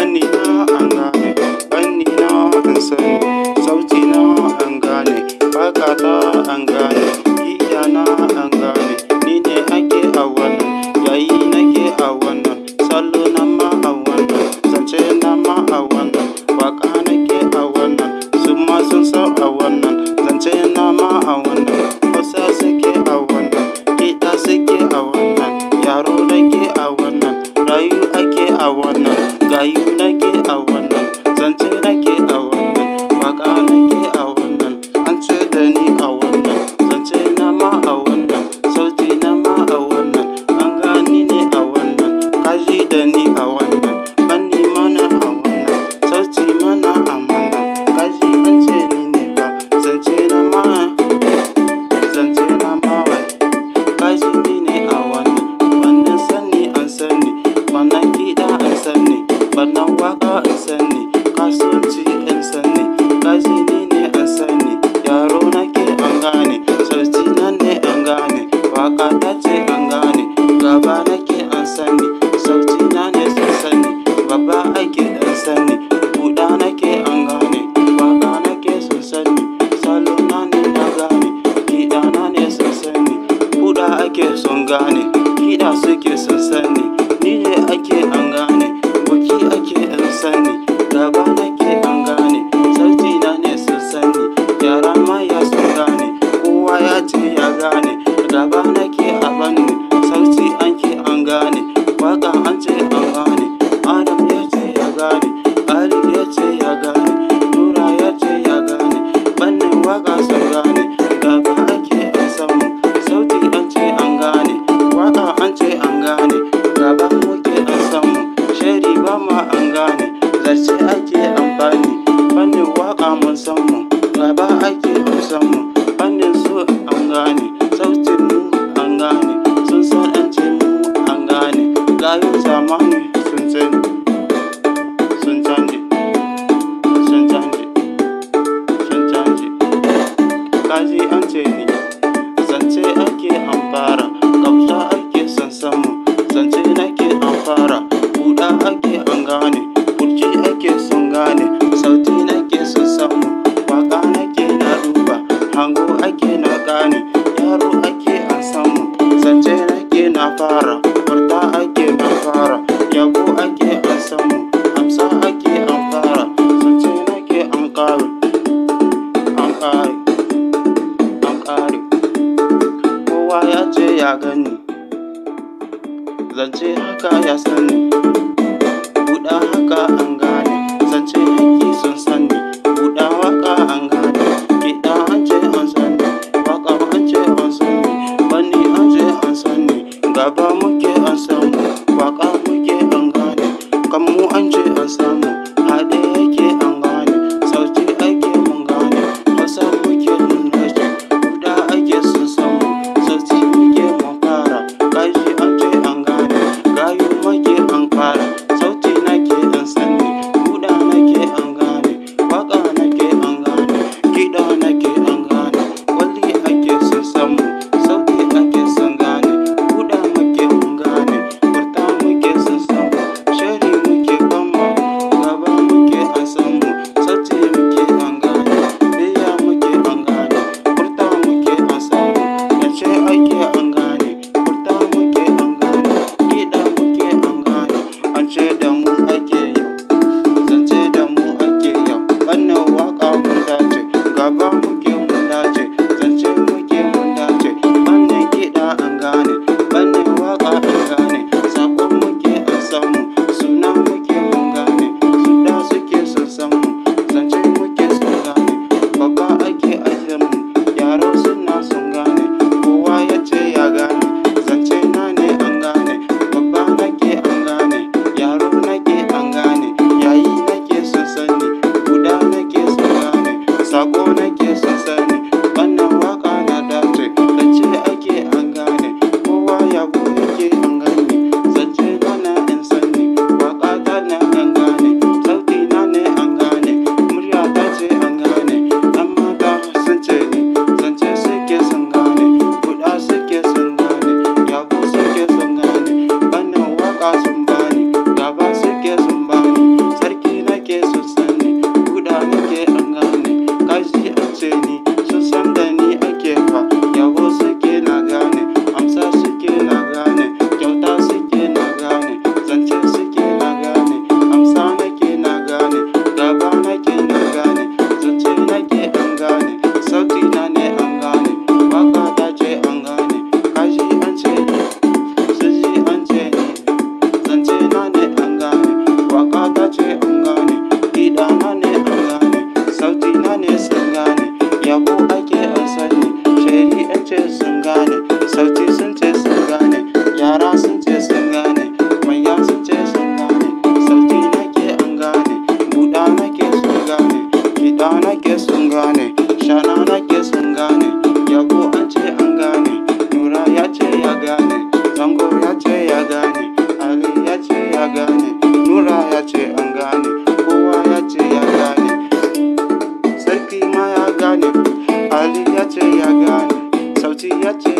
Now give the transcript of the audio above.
fanni na an gane fanni na an sani sauti na an gane waƙa ta an gane 在你的梦。yaro ake na gane yaro ake an samu zance nake na fara furta ake na fara yabo ake an samu amsa ake an fara zance nake an kare an kare an kare kowa ya ce ya gani zance haka ya sani buɗa haka an gane zance ake sun guess I'm starting dia a